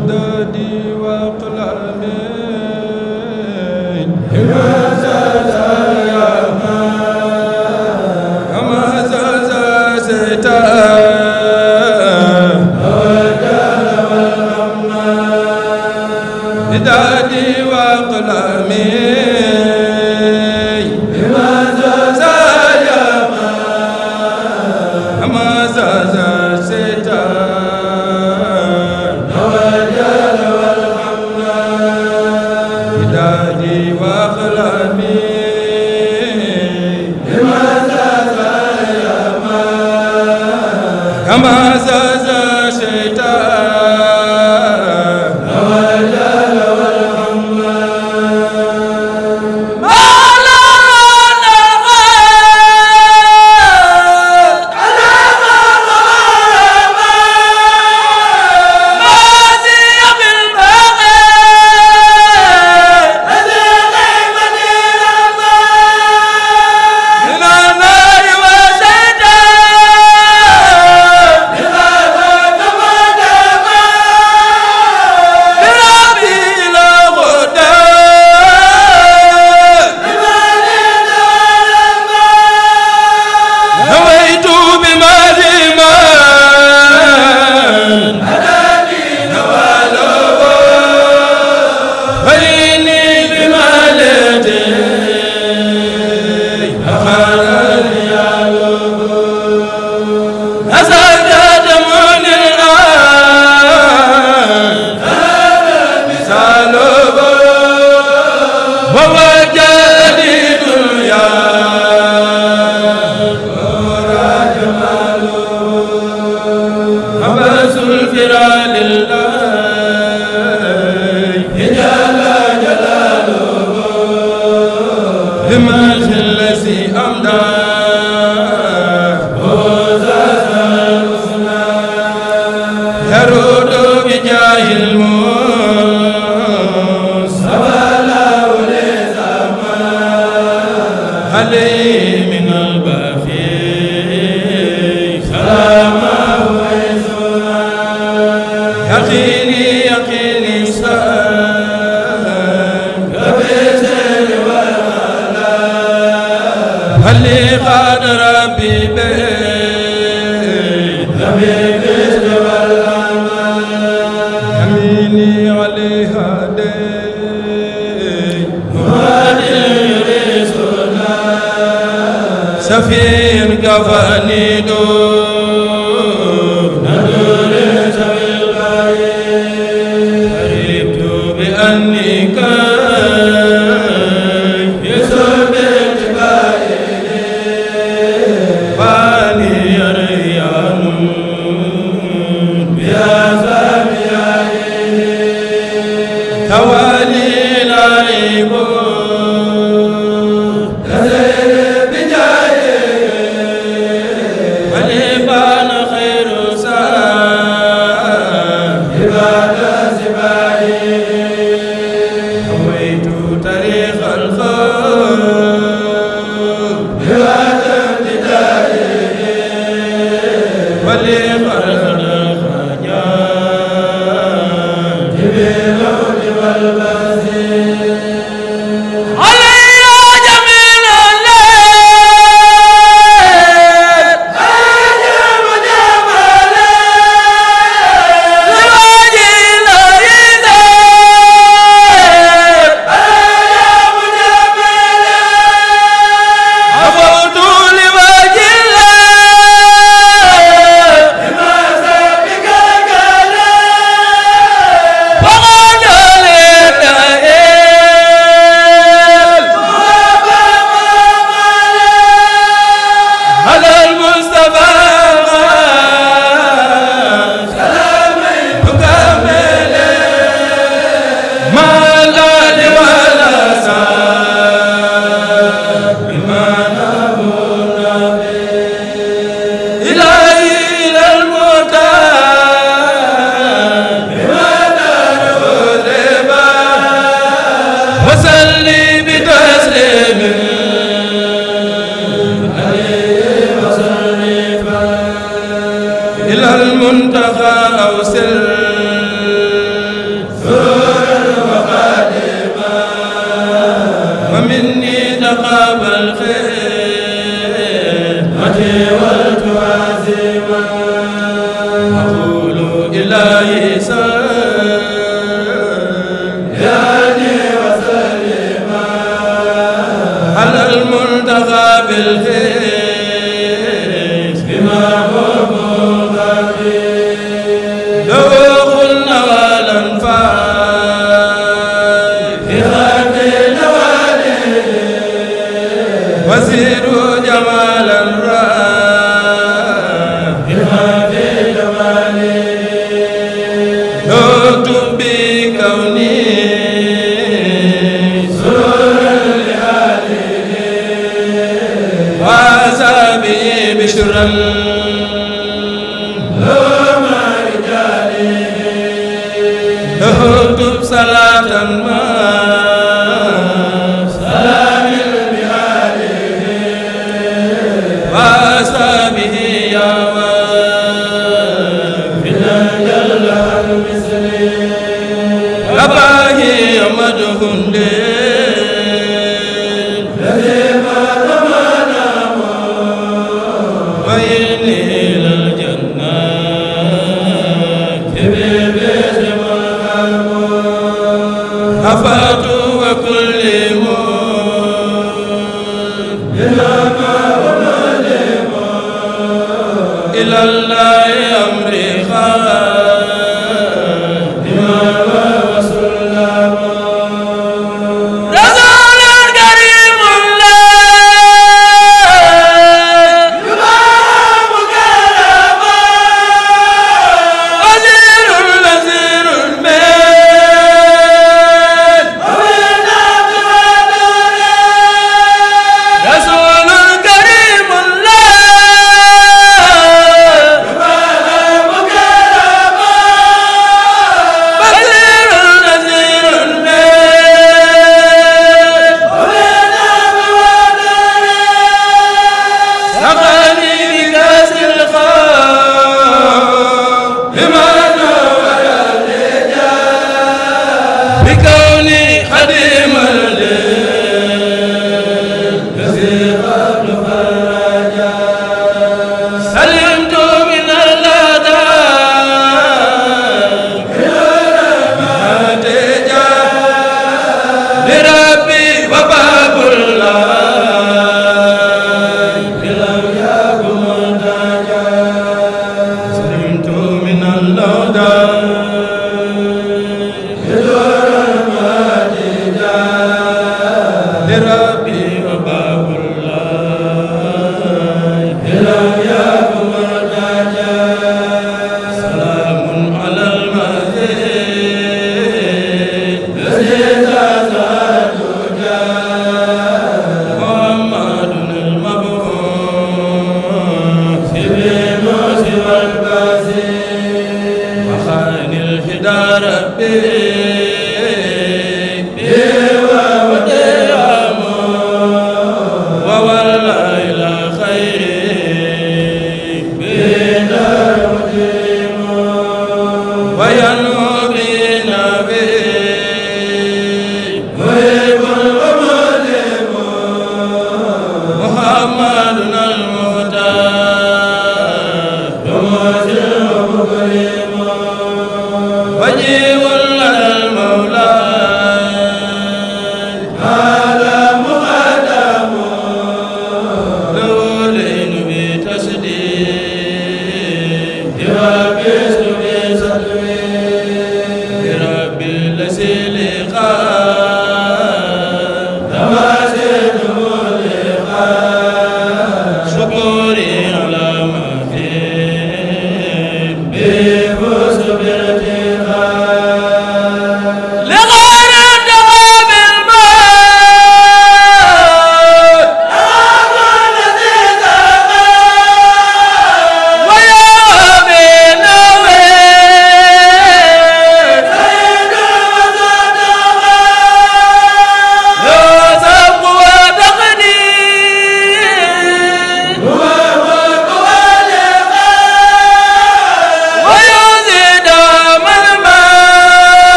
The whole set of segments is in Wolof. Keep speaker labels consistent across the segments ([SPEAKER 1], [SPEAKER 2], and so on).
[SPEAKER 1] bi ama كفين كفني دون la kulli ila rabbi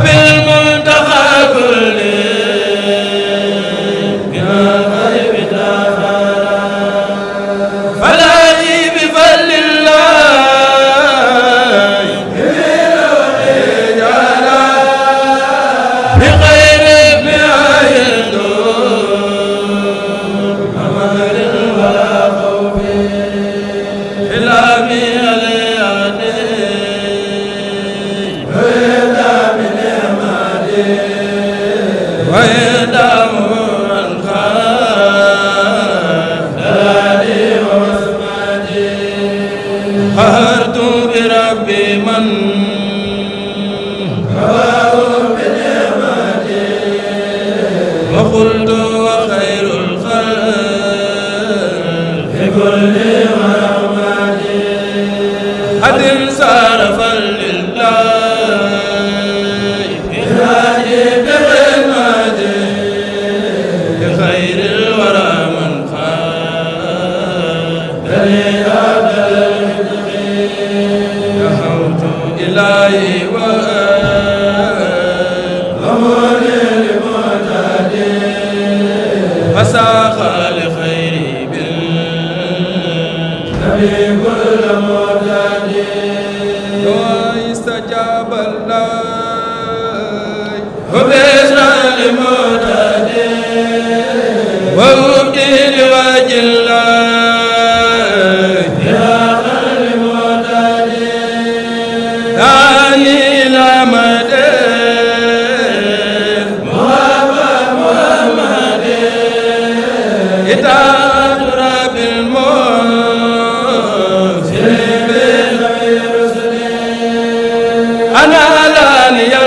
[SPEAKER 1] وبالمعروف ha ana la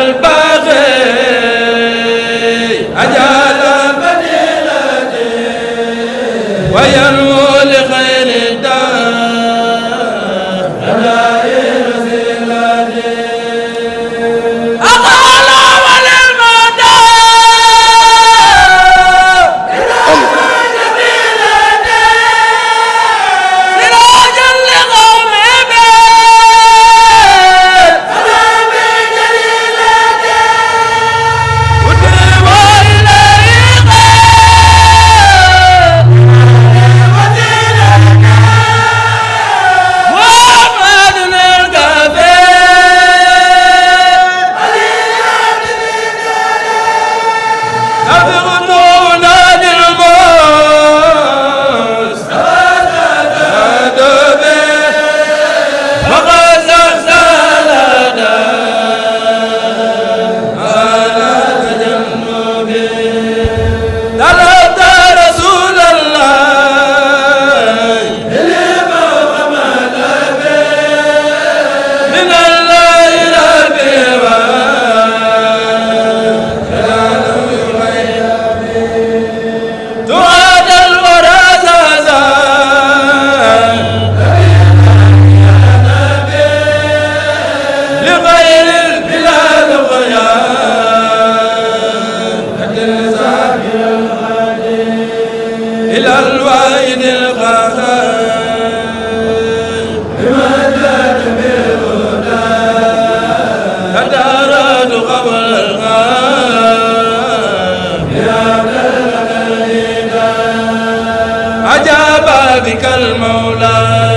[SPEAKER 1] بك المولى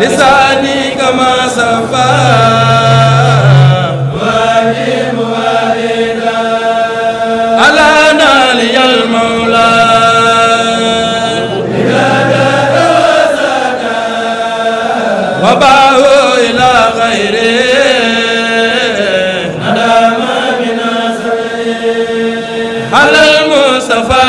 [SPEAKER 1] لساني كما صفى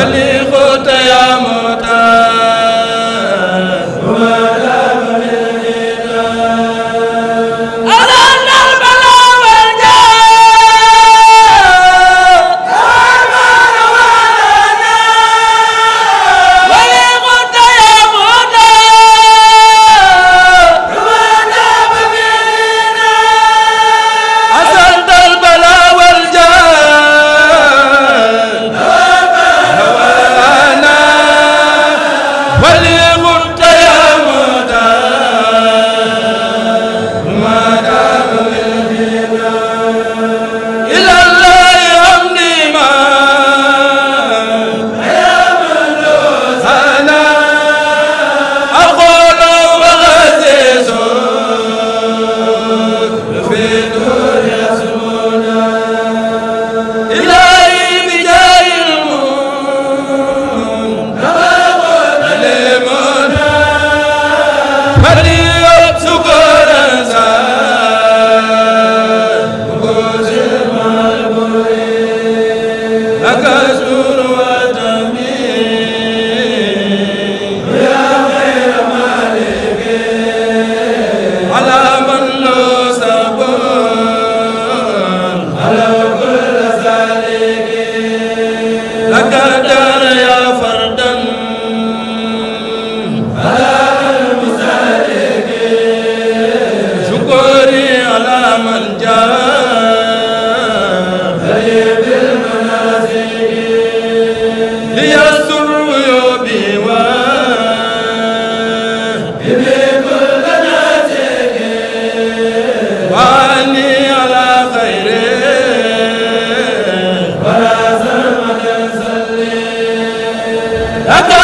[SPEAKER 1] ale ak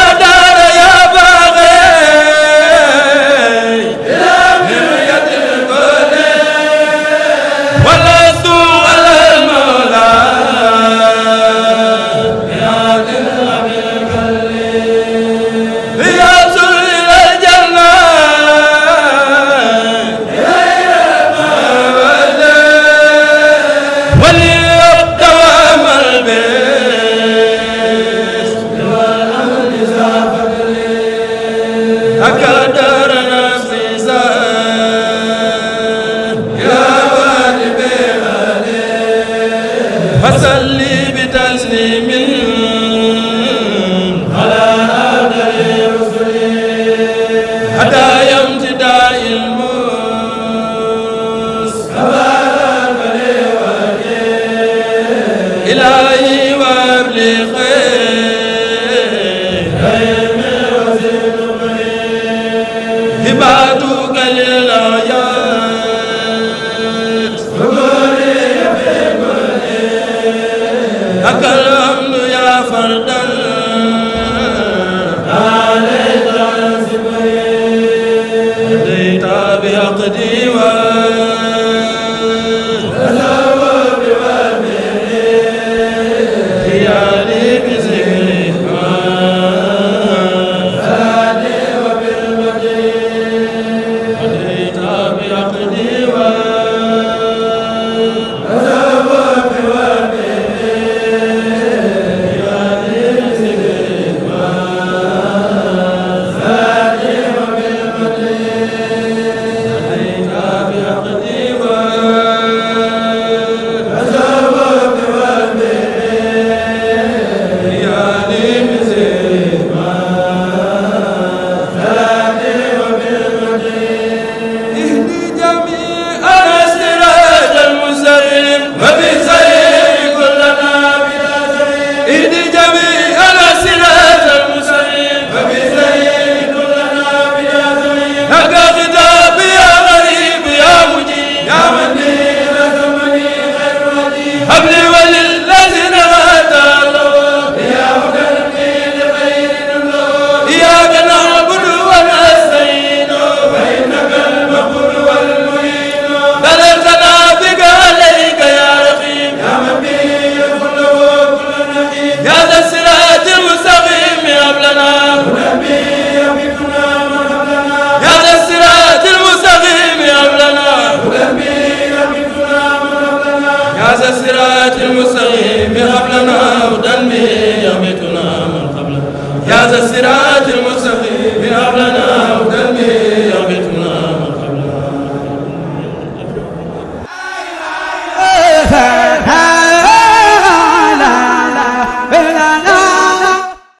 [SPEAKER 1] salli